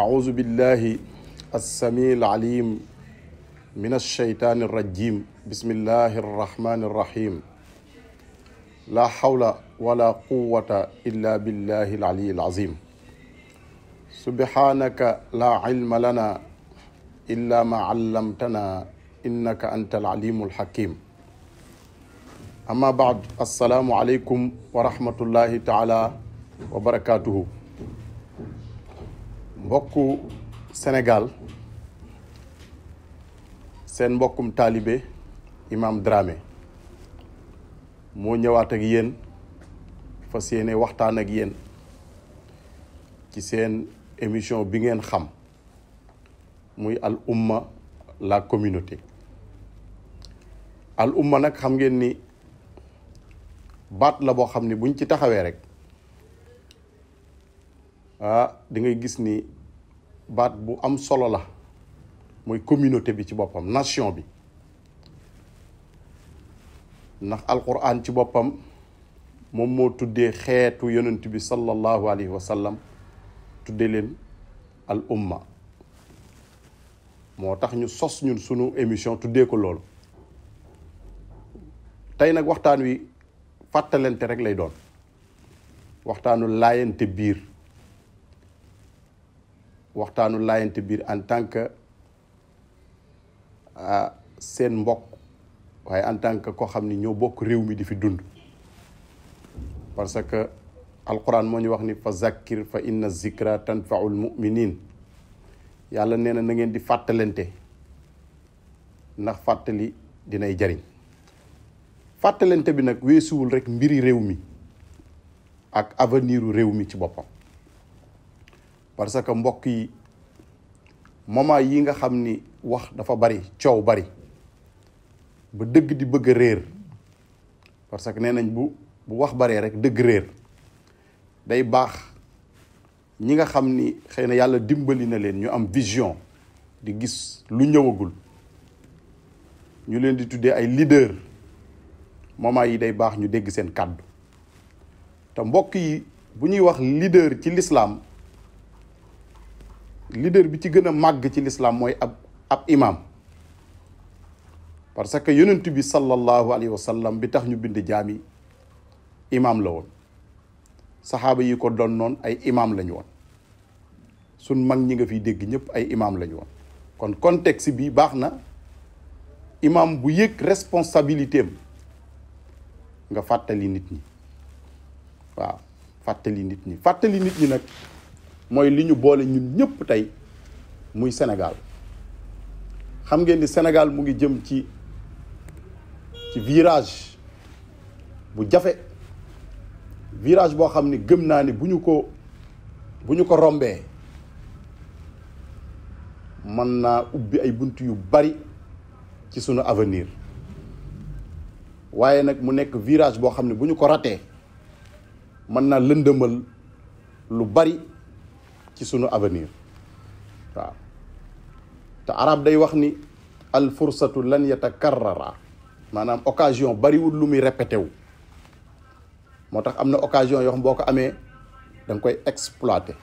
أعوذ بالله السميع العليم من الشيطان الرجيم بسم الله الرحمن الرحيم لا حول ولا قوة إلا بالله العلي العظيم سبحانك لا علم لنا إلا ما علمتنا إنك أنت العليم الحكيم أما بعد السلام عليكم ورحمة الله تعالى وبركاته mbokku Sénégal seen mbokkum taalibe Imam Dramé moo ñëwaat ak yéen fas yéene waxtaan ak yéen ci seen émission bi ngeen xam muy al umma la communauté al umma nag xam ngeen ni baat la boo xam ni buñ ci taxawee rek ah di ngay gis ni baat bu am solo la mooy communauté bi ci boppam nation bi ndax alquran ci boppam moom moo tuddee xeetu yonent bi sallallahu alayhi wa sallam tuddee leen al umma moo tax ñu sos ñun sunu émission tuddee ko loolu tey nag waxtaan wi fàttalente rek lay doon waxtaanu laayante biir waxtaanu laayante biir en tant que ah, seen mbokk waaye en tant que koo xam ni ñoo bokk réew mi di fi dund parce que alquran moo ñu wax ni fa zakkir fa inna zikra tanfaul muminin yàlla nee na na ngeen di fàttalante ndax fàttali dinay jariñ fàttalante bi nag weesuwul rek mbiri réew mi ak aveniru réew mi ci boppam parce que mbokk yi moment yi nga xam ni wax dafa bari coow bari ba dëgg di bëgg a réer parce que nee bu bu wax baree rek dëgg réer day baax ñi nga xam ni xëy na yàlla dimbali na leen ñu am vision di gis lu ñëwagul ñu leen di tuddee ay leader moment yi day baax ñu dégg seen kàddu te mbokk yi bu ñuy wax leader ci l'islam leader bi ci gën a màgg ci lislaam mooy ab ab imaam parce que yonent bi sallallahu alayhi wa bi tax ñu bind jaami imaam la woon saxaaba yi ko doon noon ay imaam lañu woon suñ mag ñi nga fi dégg ñëpp ay imaam lañu woon kon contexte bi baax na imaam bu yëg responsabilité nga fàttali nit ñi waaw fàttali nit ñi fàttali nit ñi nag mooy li ñu boole ñun ñëpp tey muy Sénégal xam ngeen ni Sénégal mu ngi jëm ci ci virage bu jafe virage boo xam ni gëm naa ni bu ñu ko bu ñu ko rombee mën naa ubbi ay bunt yu bari ci sunu avenir waaye nag mu nekk virage boo xam ne bu ñu ko ratee mën naa lëndëmal lu bari ci sunu avenir waaw te arab day wax ni al fursatu lan yatakarrara maanaam occasion bariwul lu muy répété wu moo tax am na occasion yoo xam boo ko amee danga koy exploité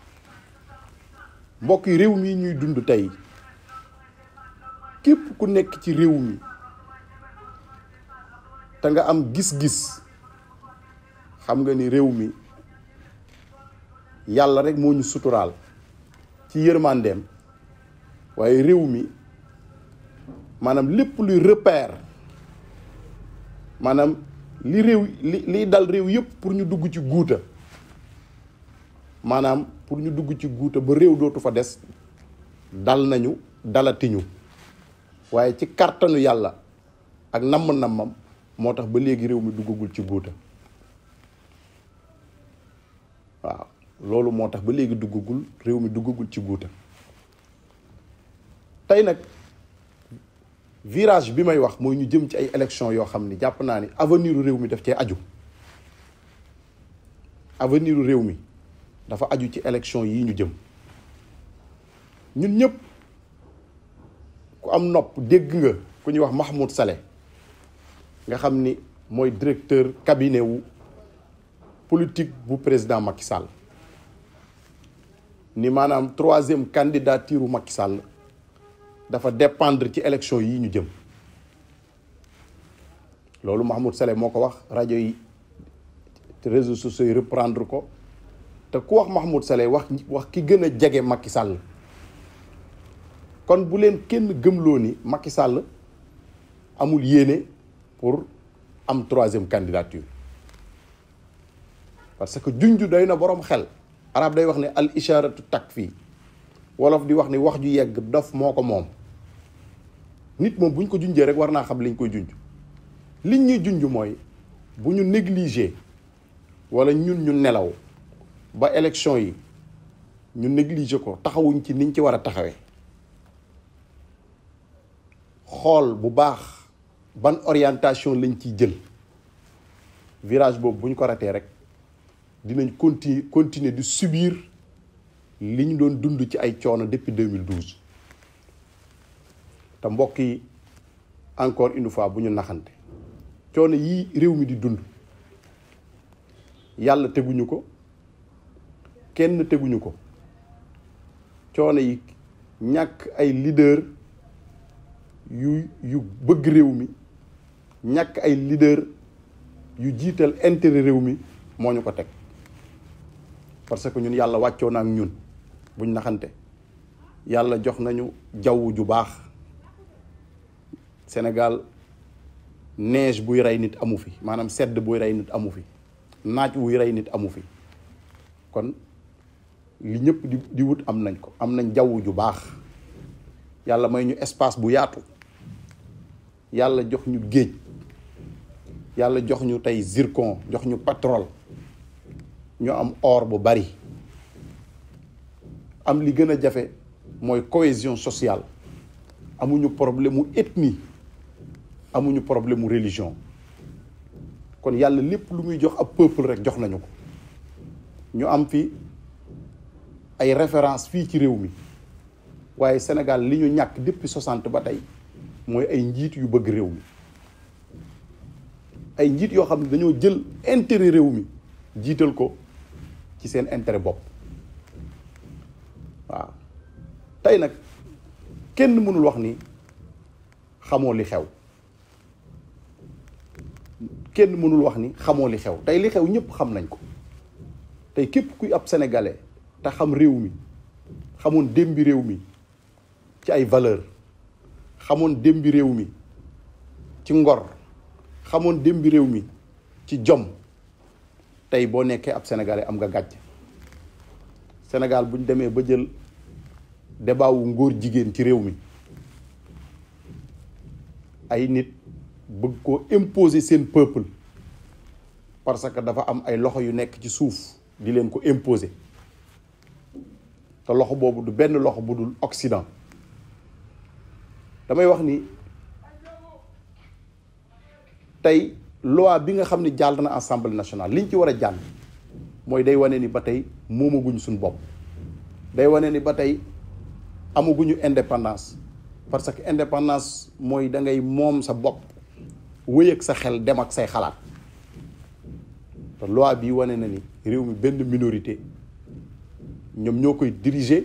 mbokk yi réew mi ñuy dund tey képp ku nekk ci réew mi te nga am gis-gis xam nga ni réew mi yàlla rek moo ñu suturaal ci yërmandeem waaye réew mi maanaam lépp luy repère maanaam li réew li dal réew yëpp pour ñu dugg ci guuta maanaam pour ñu dugg ci guuta ba réew dootu fa des dal nañu dalatiñu waaye ci kartanu yàlla ak namm-nammam moo tax ba léegi réew mi duggagul ci guuta waaw loolu moo tax ba léegi duggagul réew mi duggagul ci guuta tey nag virage bi may wax mooy ñu jëm ci ay élection yoo xam ni jàpp naa ni avenir réew mi daf cee aju avenir réew mi dafa aju ci élection yi ñu jëm ñun ñëpp ku am nopp dégg nga ku ñuy wax Mahmoud Saleh nga xam ni mooy directeur kabinewu wu politique bu président Macky Sall ni maanaam troisième candidature Macky Sall dafa dépendre ci élection yi ñu jëm loolu Mahmoud Saleh moo ko wax rajo yi réseaux sociaux reprendre ko te ku wax Mahmoud Saleh wax wax ki gën a jege Macky Sall kon bu leen kenn gëmloo ni Macky Sall amul yéene pour am troisième candidature parce que junj doy na borom xel. arab day wax ne al isharatu takfi wolof di wax ni wax ju yegg dof moo ko moom nit moom bu ñu ko junjee rek war naa xam liñ koy junj liñ ñuy junj mooy bu ñu négligé wala ñun ñu nelaw ba élection yi ñu négligé ko taxawuñ ci niñ ci war a taxawee xool bu baax ban orientation lañ ciy jël virage boobu bu ñu ko ratee rek dinañ continuer continuer subir ce doon dund ci depuis 2012 ta mbokk yi encore une fois bu ñu naxante coono yi réew mi di dund yàlla teguñu ko kenn teguñu ko coono yi ñàkk leader yu yu bëgg réew mi ay leader yu jiital intérêt réew mi ko parce que ñun yàlla wàccoo na ñun buñ naxante yàlla jox nañu jaww ju baax Sénégal neige buy rey nit amu fi maanaam sedd buy rey nit amu fi naaj wuy rey nit amu fi kon li ñëpp di wut am nañ ko am nañ jaww ju baax yàlla may ñu espace bu yaatu yàlla jox ñu géej yàlla jox ñu tey zircon jox ñu pétrole ñu am or bu bari am li gën a jafe mooy cohésion sociale amuñu problème mu ethnie amuñu problème mu religion kon yàlla lépp lu muy jox ab peuple rek jox nañu ko ñu am fi ay référence fii ci réew mi waaye Sénégal li ñu ñàkk depuis soixante ba tey mooy ay njiit yu bëgg réew mi ay njiit yoo xam ne dañoo jël intére réew mi jiital ko ci seen intérêt bopp waaw tey nag kenn mënul wax ni xamoo li xew kenn mënul wax ni xamoo li xew tey li xew ñëpp xam nañ ko tey képp kuy ab sénégalais te xam réew mi xamoon démbi réew mi ci ay valeur xamoon démbi réew mi ci ngor xamoon démbi réew mi ci jom tey boo nekkee ab sénégalais am nga gàcc Sénégal bu ñu demee ba jël débat wu ngóor jigéen ci réew mi ay nit bëgg koo imposé seen peuple parce que dafa am ay loxo yu nekk ci suuf di leen ko imposé te loxo boobu du benn loxo bu dul Occident damay wax ni tey. loi bi nga xam ne jàll na assemblée nationale ñu ci war a jàll mooy day wane ni ba tey moomaguñ suñu bopp day wane ni ba tey amaguñu indépendance parce que indépendance mooy da ngay moom sa bopp wéy ak sa xel dem ak say xalaat te loi bi wane na ni réew mi benn minorité ñoom ñoo koy diriger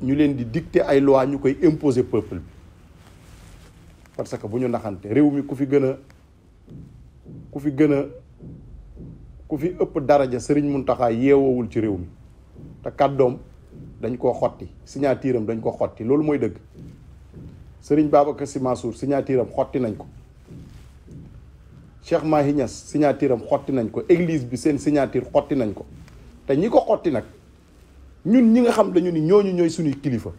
ñu leen di dicter ay loi ñu koy imposer peuple bi parce que bu ñu naxante réew mi ku fi gën a ku fi gën a ku fi ëpp daraja sëriñ mun taxaa yeewoowul ci réew mi te kàddoom dañ koo xotti signature am dañ ko xotti loolu mooy dëgg sëriñ Babacar Sy Mansour signature xotti nañ ko Cheikh Mahi Niass xotti nañ ko eglise bi seen signature xotti nañ ko te ñi ko xotti nag ñun ñi nga xam dañu ni ñooñu ñooy suñuy kilifa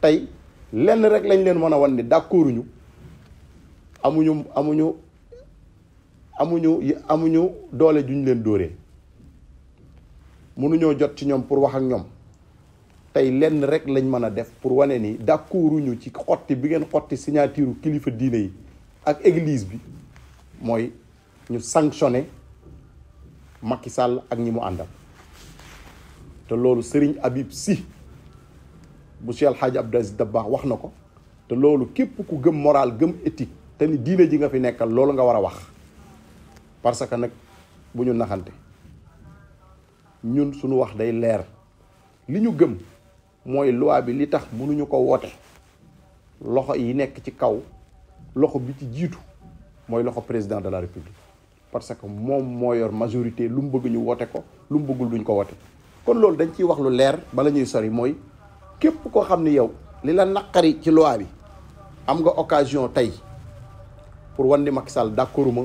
tey lenn rek lañ leen mën a wan ni d'accorduñu amuñu amuñu amuñu amuñu doole juñ leen dóoree mënuñoo jot ci ñoom pour wax ak ñoom tey lenn rek lañ mën a def pour wane ni d'accorduñu ci xotti bi ngeen xotti signature kilifa diine yi ak église bi mooy ñu sanctionné Macky Sall ak ñi mu àndal te loolu sëriñ Habib si bu Cheikh El Hadj Abdou Aziz Dabakh wax na ko te loolu képp ku gëm moral gëm éthique te ni diine ji nga fi nekkal loolu nga war a wax parce que nak buñu ñu naxante ñun suñu wax day leer liñu gëm moy loi bi li tax mënuñu ko woote loxo yi nekk ci kaw loxo bi ci jitu moy loxo président de la république parce que mom mo yor majorité lu mbeug ñu woote ko lu mbeugul duñ ko woote kon lool dañ ci wax lu leer ba lañuy sori moy képp ko xamni yow li la nakari ci loi bi am nga occasion tay pour wandi Macky Sall d'accorduma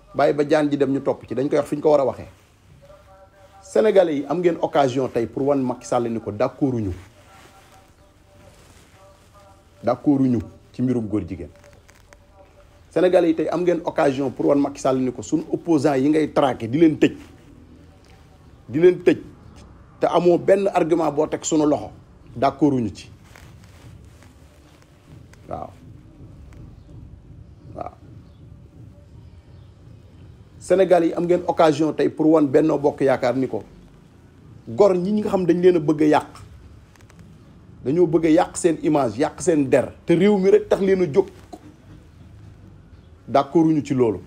bàyyi ba jaan ji dem ñu topp ci dañ koy wax fi ñu ko war a waxee sénégalais yi am ngeen occasion tey pour wan Macky Sall ni ko d'accorduñu ñu ci mbirum góor jigéen sénégalais yi tey am ngeen occasion pour wan Macky Sall ni ko suñu opposant yi ngay traqué di leen tëj di leen tëj te amoo benn argument boo teg sunu loxo ñu ci waaw Sénégal yi am ngeen occasion tey pour wan Benno Bokk Yaakaar ni ko gor ñi ñi nga xam dañ leen a bëgg yàq dañoo bëgg a yàq seen image yàq seen der te réew mi rek tax leen a jóg d'accorduñu ci loolu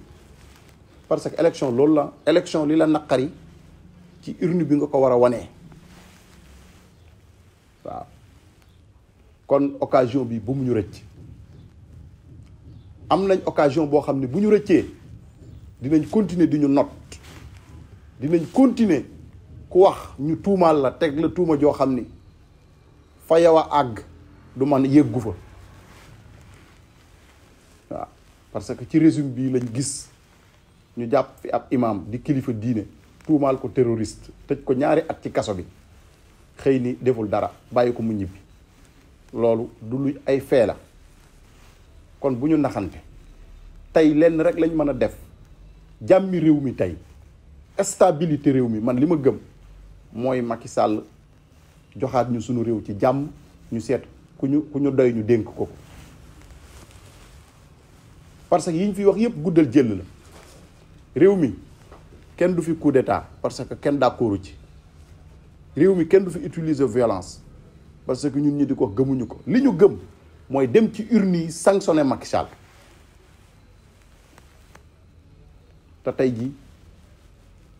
parce que élection loolu la élection li la naqari ci urne bi nga ko war a wane waaw kon occasion bi bu mu ñu rëcc am nañ occasion boo xam ne bu ñu rëccee dinañ continuer di ñu not dinañ continuer ku wax ñu tuumaal la teg la tuuma joo xam ni fa yow a àgg du man yëggu fa waaw parce que ci résumé bii lañ gis ñu jàpp fi ab imam di kilifa diine tuumaal ko terroriste tëj ko ñaari at ci kaso bi xëy ni deful dara bàyyi ko mu ñibbi loolu du luy ay feela kon bu ñu naxante tey lenn rek lañ mën a def jàmm jàmmi réew mi tey stabilité réew mi man li ma gëm mooy Macky sàll joxaat ñu sunu réew ci jàmm ñu seet ku ñu ku ñu doy ñu dénk ko parce que yi ñu fi wax yépp guddal jël la réew mi kenn du fi coup d'état parce que kenn d'accordu ci réew mi kenn du fi utiliser violence parce que ñu ñi di ko gëmuñu ko li ñu gëm mooy dem ci urni yi sanctionner Macky Sall te tey jii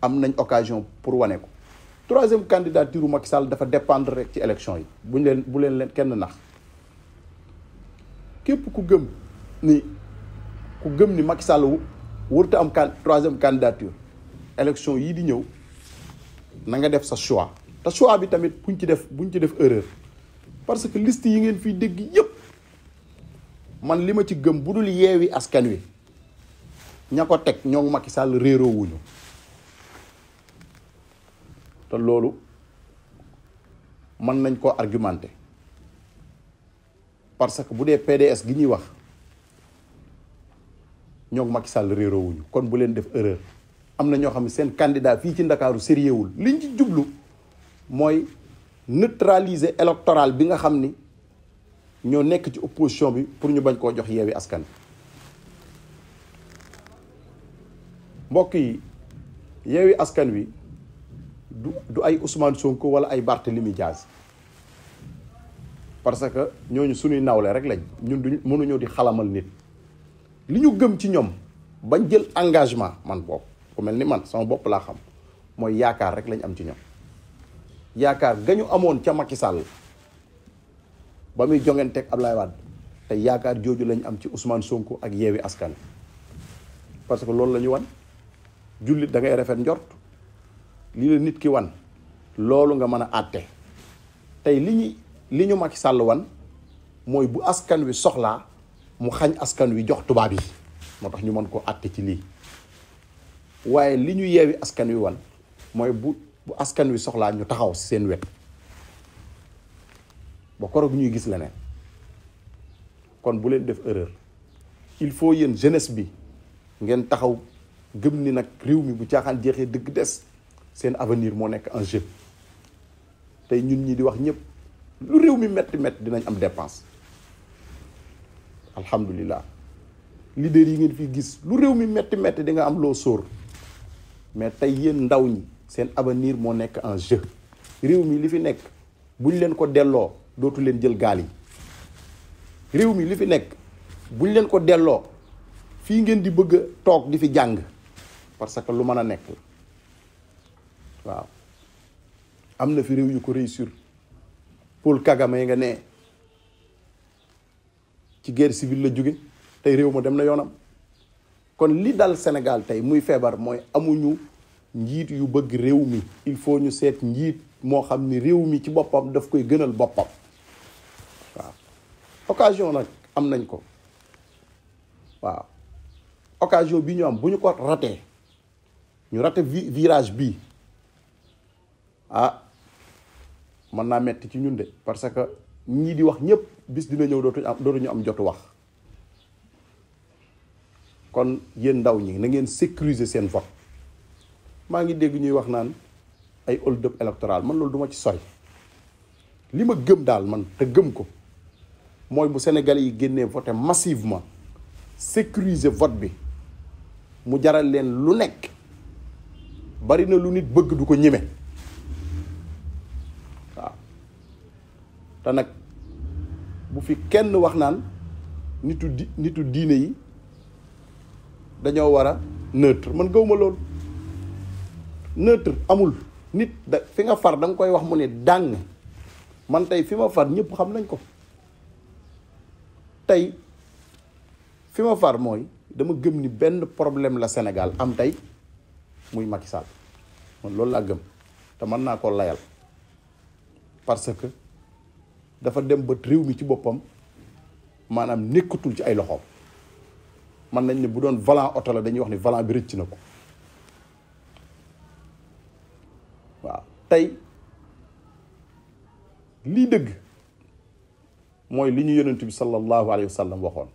am nañ occasion pour wane ko troisième candidature Macky Sall dafa dépendre rek ci élection yi buñ leen bu leen leen kenn nax képp ku gëm ni ku gëm ni Macky Sall wërta am can troisième candidature élection yii di ñëw na nga def sa choix te choix bi tamit buñ ci def buñ ci def erreur parce que liste yi ngeen fiy dégg yëpp man li ma ci gëm bu dul yeewi askan wi ñako tek ñong Macky Sall rero wuñu ta lolu man nañ ko argumenter parce que bu PDS gi ñi wax ñoo Macky Sall rero wuñu kon bu len def erreur am ño xamni sen candidat fi ci ndakaaru sérieux liñ ci jublu moy neutraliser électoral bi nga xamni ño nek ci opposition bi pour ñu bañ ko jox askan mbokk yi yeewi askan wi du du ay Ousmane Sonko wala ay Barthélemy Diaz parce que ñooñu suñuy nawle rek lañ ñun duñ di xalamal nit li ñu gëm ci ñoom bañ jël engagement man bopp ku mel ni man sama bopp laa xam mooy yaakaar rek lañ am ci ñoom yaakaar gañu ñu amoon ca Macky Sall ba muy Abdoulaye Wade te yaakaar jooju lañ am ci Ousmane Sonko ak yeewi askan parce que loolu la ñu jullit da ngay rafet njort lii la nit ki wan loolu nga mën a àtte tey li ñu li sàll Macky wan mooy bu askan wi soxlaa mu xañ askan wi jox tubaab yi moo tax ñu mën koo àtte ci lii waaye li ñu yeewi askan wi wan mooy bu bu askan wi soxlaa ñu taxaw si seen wet ba koroog ñuy gis leneen kon bu leen def erreur il faut yéen jeunesse bi ngeen taxaw gëm ni nak réew mi bu caaxaan jeexee deug des seen avenir mo nek en jeu tay ñun ñi di wax ñëpp lu réew mi metti metti dinañ am dépense alhamdulillah leader yi ngeen fi gis lu réew mi metti metti di nga am lo sor mais tay yeen ndaw ñi seen avenir mo nek en jeu réew mi li fi nek buñ leen ko dello dootu leen jël gaal yi réew mi li fi nek buñ leen ko dello fi ngeen di bëgg tok di fi jang parce que lu mën a nekk la waaw am na fi réew yu ko réussir Paul Kagame nga ne ci guerre civile la jóge tey réew ma dem na yoonam kon li dal Sénégal tey muy feebar mooy amuñu njiit yu bëgg réew mi il faut ñu seet njiit moo xam ni réew mi ci boppam daf koy gënal boppam waaw occasion nag am nañ ko waaw occasion bi ñu am bu ñu ko ratee ñu raté virage bi ah mën naa metti ci ñun de parce que ñii di wax ñëpp bis dina ñëw dootuñu am dootuñu am jotu wax kon yéen ndaw ñi na ngeen sécuriser seen vote maa ngi dégg ñuy wax naan ay hold up électoral man loolu duma ci soy li ma gëm daal man te gëm ko mooy bu Sénégalais yi génnee voté massivement sécuriser vote bi mu jaral leen lu nekk bari na lu nit bëgg du ko ñëmé waaw te bu fi kenn wax naan nitu nitu diiné yi dañoo wara neutre man gawma lool neutre amul nit fi nga far dang koy wax mu ne dang man tay fi ma far ñëpp xam nañ ko tay fi ma far moy dama gëm ni benn problème la Sénégal am tay muy Macky Sall man loolu laa gëm te mën naa ko layal parce que dafa dem ba réew mi ci boppam maanaam nekkatul ci ay loxoom man nañ ne bu doon volant oto la dañuy wax ni volant bi rëcc na ko waaw tey lii dëgg mooy li ñu yonent bi sallallahu alayhi wa sallam waxoon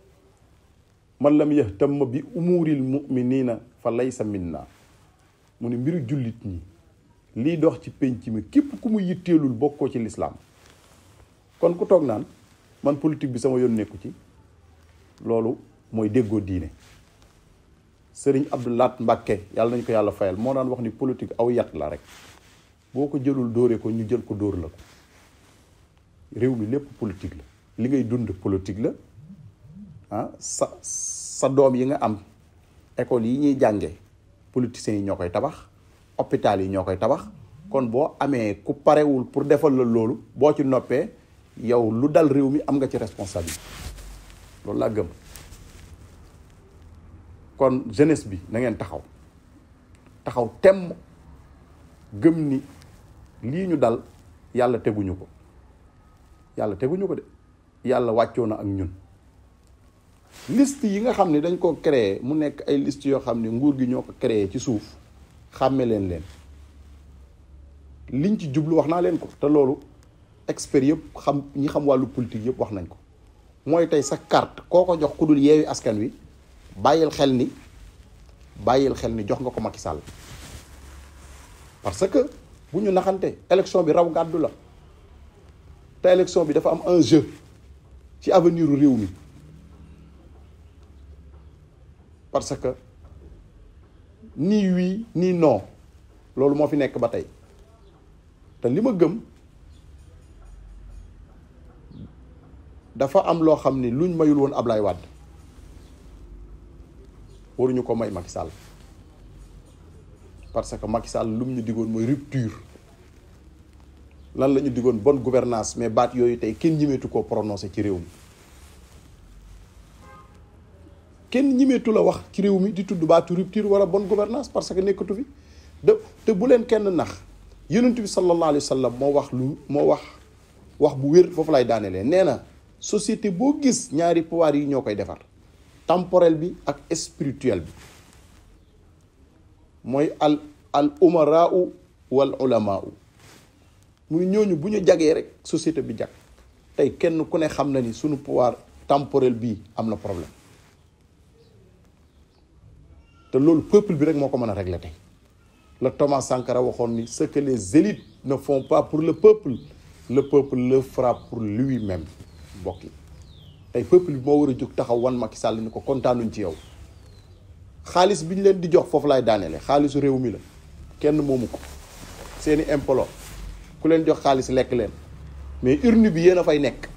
man lam yahtamma bi umuuril muminina fa laysa minna mu ne mbiru jullit ñi liy dox ci pénc mi képp ku mu yitteelul bokkoo ci lislaam kon ku toog naan man politique bi sama yoon nekku ci loolu mooy déggoo diine sëriñ Abdou Lahat Mbàkke yàlla nañ ko yàlla fayal moo daan wax ni politique aw yat la rek boo ko jëlul dóore ko ñu jël ko dóor la ko réew mi lépp politique li ngay dund politique la ah sa sa doom yi nga am école yi ñuy jànge politiciens yi ñoo koy tabax hôpital yi ñoo koy tabax kon boo amee ku parewul pour defal la loolu boo ci noppee yow lu dal réew mi am nga ci responsabilité loolu laa gëm kon jeunesse bi nangeen taxaw taxaw temm gëm ni lii ñu dal yàlla teguñu ko yàlla teguñu ko de yàlla wàccoo na ak ñun liste yi nga xam ne dañ koo créer mu nekk ay liste yoo xam ne nguur gi ñoo ko créer ci suuf xàmme leen leen liñ ci jublu wax naa leen ko te loolu expert yëpp xam ñi xam wàllu politique yëpp wax nañ ko mooy tey sa carte koo ko jox ku dul yeewi askan wi bàyyil xel ni bàyyil xel ni jox nga ko Macky Sall parce que bu ñu naxante élection bi raw gàddu la te élection bi dafa am un jeu ci aveniru réew mi parce que nii wii nii non loolu moo fi nekk ba tey te li ma gëm dafa am loo xam ni luñ mayul woon Ablaye Wade waruñu ko may Macky Sall parce que Macky Sall mu ñu digoon mooy rupture lan la ñu digoon bonne gouvernance mais baat yooyu tey kenn ñimeetu ko prononcé ci réew mi kenn ñimeetu a wax ci réew mi di tudd baatu rupture wala bon gouvernance parce que nekkatu fi de te bu leen kenn nax yonent bi sallallahu alayhi moo wax lu moo wax wax bu wér foofu lay daanelee nee na société boo gis ñaari pouvoir yi ñoo koy defar temporel bi ak spirituel bi mooy al al umaraau wal ulamaau muy ñooñu bu ñu jagee rek société bi jag tey kenn ku ne xam na ni sunu pouvoir temporel bii am na problème te loolu peuple bi rek moo ko mën a régler tey la Thomas Sankara waxoon ni ce que les élites ne font pas pour le peuple le peuple le fera pour lui-même mbokk yi tey peuple bi moo war a jóg taxaw wan Macky Sall ni ko kontaanuñ ci yow xaalis bi ñu leen di jox foofu lay daaneele xaalisu réew mi la kenn moomu ko seeni impolo ku leen jox xaalis lekk leen mais urne bi yéen a fay nekk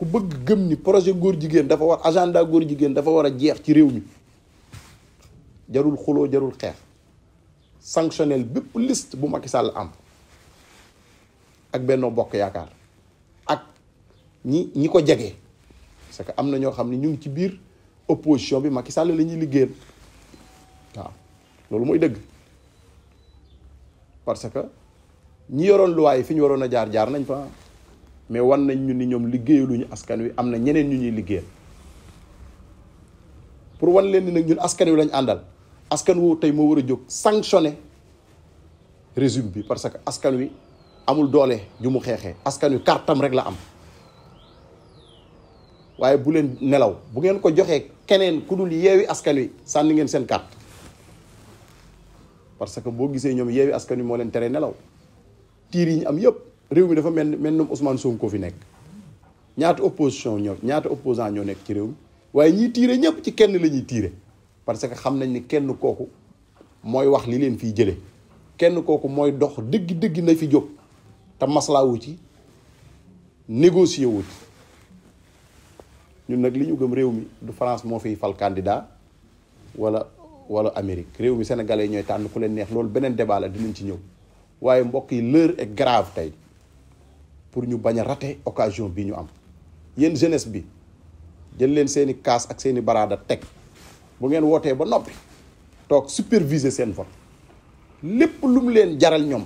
ku bëgg gëm ni projet góor jigéen dafa war agenda góor jigéen dafa war a jeex ci réew mi jarul xuloo jarul xeex sanctionnel bépp liste bu Macky Sall am ak Benno Bokk Yaakaar ak ñi ñi ko jege parce que am na ñoo xam ne ñu ngi ci biir opposition bi Macky Sall la ñuy liggéeyal waaw loolu mooy dëgg parce que ñi yoroon loi yi fi ñu waroon a jaar jaar nañ fa mais wan nañ ñu ni ñoom liggéeyalu ñu askan wi am na ñeneen ñu ñuy liggéeyal pour wan leen ni nag ñun askan wi lañ àndal askan woo tey moo war a jóg sanctionné régime bi parce que askan wi amul doole ju mu xeexee askan wi kartam rek la am waaye bu leen nelaw bu ngeen ko joxee keneen ku dul yeewi askan wi sànni ngeen seen carte parce que boo gisee ñoom yeewi askan wi moo leen tere nelaw tiir yi ñu am yëpp réew mi dafa mel mel noom Ousmane Sonko fi nekk ñaata opposition ñoo ñaata opposant ñoo nekk ci réew mi waaye ñiy tiire ñëpp ci kenn la tiire parce que xam nañ ni kenn kooku mooy wax li leen fii jële kenn kooku mooy dox dégg dëgg na fi jóg te maslaawu ci négocier wu ci ñun nag li ñu gëm réew mi du France moo fiy fal candidat wala wala Amérique réew mi sénégalais ñooy tànn ku leen neex loolu beneen débat la dinañ ci ñëw waaye mbokk yi l'heure est grave tey pour ñu bañ a rater occasion bi ñu am yéen jeunesse bi jël leen seeni kaas ak seeni baraada teg bu ngeen wootee ba noppi toog superviser seen vote lépp lu mu leen jaral ñoom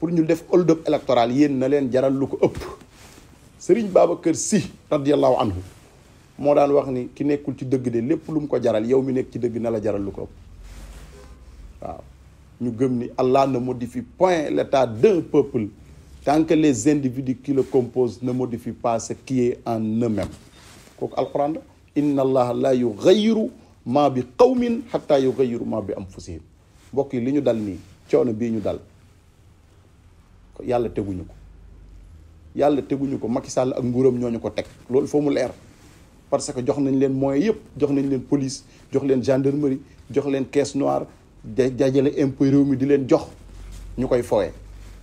pour ñu def hold up électoral yéen na leen jaral lu ko ëpp baaba kër si radiyallahu anhu moo daan wax ni ki nekkul ci dëgg de lépp lu mu ko jaral yow mi nekk ci dëgg na la jaral lu ko ëpp waaw ñu gëm ni Allah ne modifie point l'état d'un peuple tant que les individus qui le composent ne modifient pas ce qui est en eux-mêmes Al-Qur'an la inna Allah la yughayyiru ma bi qawmin hatta yughayyiru ma bi anfusihim mbokk yi li ñu dal nii coono bii ñu dal yàlla teguñu ko yàlla teguñu ko Macky Sall ak nguuram ñooñu ko teg loolu foo mu leer parce que jox nañ leen moyens yëpp jox nañ leen police jox leen gendarmerie jox leen caisse noire dajale impôt réew mi di leen jox ñu koy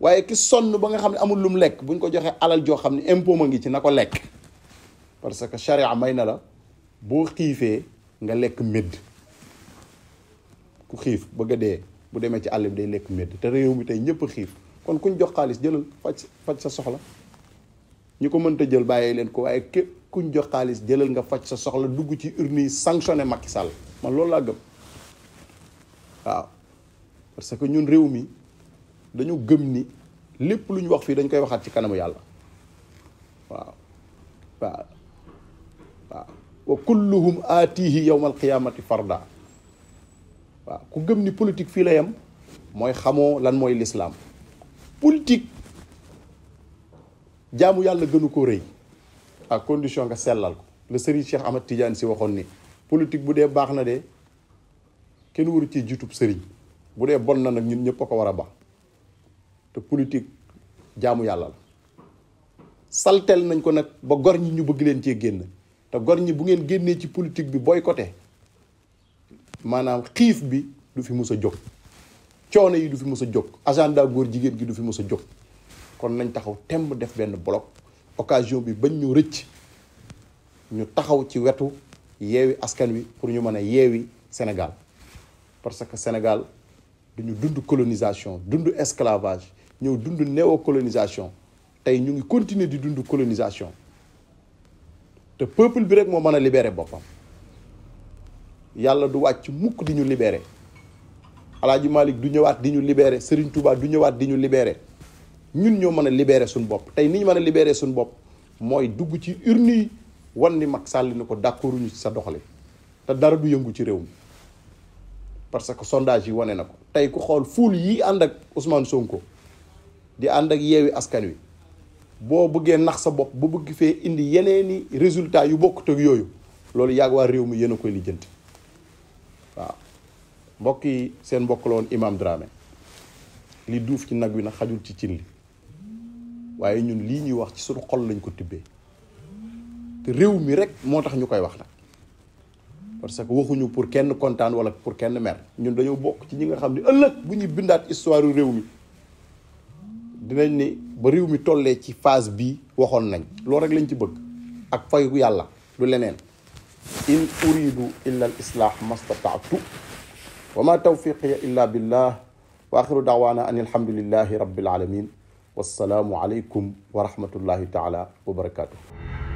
waaye ki sonn ba nga xam ne amul lum lekk buñ ko joxee alal joo xam ne impôt ma ngi ci na ko lekk parce que charia may na la boo xiifee nga lekk médd ku xiif bëgg a dee bu demee ci àll bi day lekk médd te réew mi tey ñëpp xiif kon kuñ jox xaalis jëlal faj faj sa soxla ñi ko mënta jël bàyyee leen ko waaye képp kuñ jox xaalis jëlal nga faj sa soxla dugg ci urne yi sanctionné Macky Sall man loolu laa gëm waaw parce que ñun réew mi dañu gëm ni lépp lu ñu wax fii dañ koy waxaat ci kanamu yàlla waaw waaw waaw wa kulluhum aatihi yowma alqiyamati farda waaw ku gëm ni politique fii la yem mooy xamoo lan mooy lislaam politik jaamu yàlla gënu ko rëy à condition nga sellal ko le sëriñ Cheikh Ahmad Tidiane si waxoon ni politik bu dee baax na de kenn waru ci jiitub sëriñ bu dee bon na nag ñun ñëpp ko war a baax te politique jaamu yàlla la saltel nañ ko nag ba gor ñi ñu bëgg leen cee génn te gor ñi bu ngeen génnee ci politique bi boycotté maanaam xiif bi du fi mus a jóg coono yi du fi mus a jóg agenda góor jigéen gi du fi mus a jóg kon nañ taxaw temb def benn bloc occasion bi bañ ñu rëcc ñu taxaw ci wetu yeewi askan wi pour ñu mën a yeewi Sénégal parce que Sénégal duñu dund colonisation dund esclavage ñëw dund néocolonisation tey ñu ngi continuer di dund colonisation te peuple bi rek moo mën a libérer boppam yàlla du wàcc mukk di ñu libérer Alaaji Malick du ñëwaat di ñu libérer Serigne Touba du ñëwaat di ñu libeere ñun ñoo mën a libérer suñu bopp tey ni ñu mën a libérer suñu bopp mooy dugg ci urne yi wan ni mag Sall ni ko d'accord ñu sa doxale te dara du yëngu ci réew mi parce que sondage yi wane na ko tey ku xool fuul yi ànd ak Ousmane Sonko. di ànd ak yeewi askan wi boo bëggee nax sa bopp bu bëgg fee indi yeneeni résultat yu bokkut ak yooyu loolu yàgg waa réew mi yéen a koy lijjanti waaw mbokk yi seen mbokk la Imam Dramé li duuf ci nag wi na xajul ci cin li waaye ñun lii ñuy wax ci suñu xol lañ ko tibbee te réew mi rek moo tax ñu koy wax nag parce que waxuñu pour kenn kontaan wala pour kenn mer ñun dañoo bokk ci ñi nga xam ne ëllëg bu ñuy bindaat histoire réew mi dinañ ne ba réew mi tollee ci phase bii waxoon nañ loolu rek lañ ci bëgg ak fayu yàlla lu leneen in uridu illa al islah mastataatu wa ma tawfiqiya illa billah wa axiru daawaana an alhamdulillahi rabbil alamin wassalaamu alaykum wa rahmatullahi taala wa barakatuh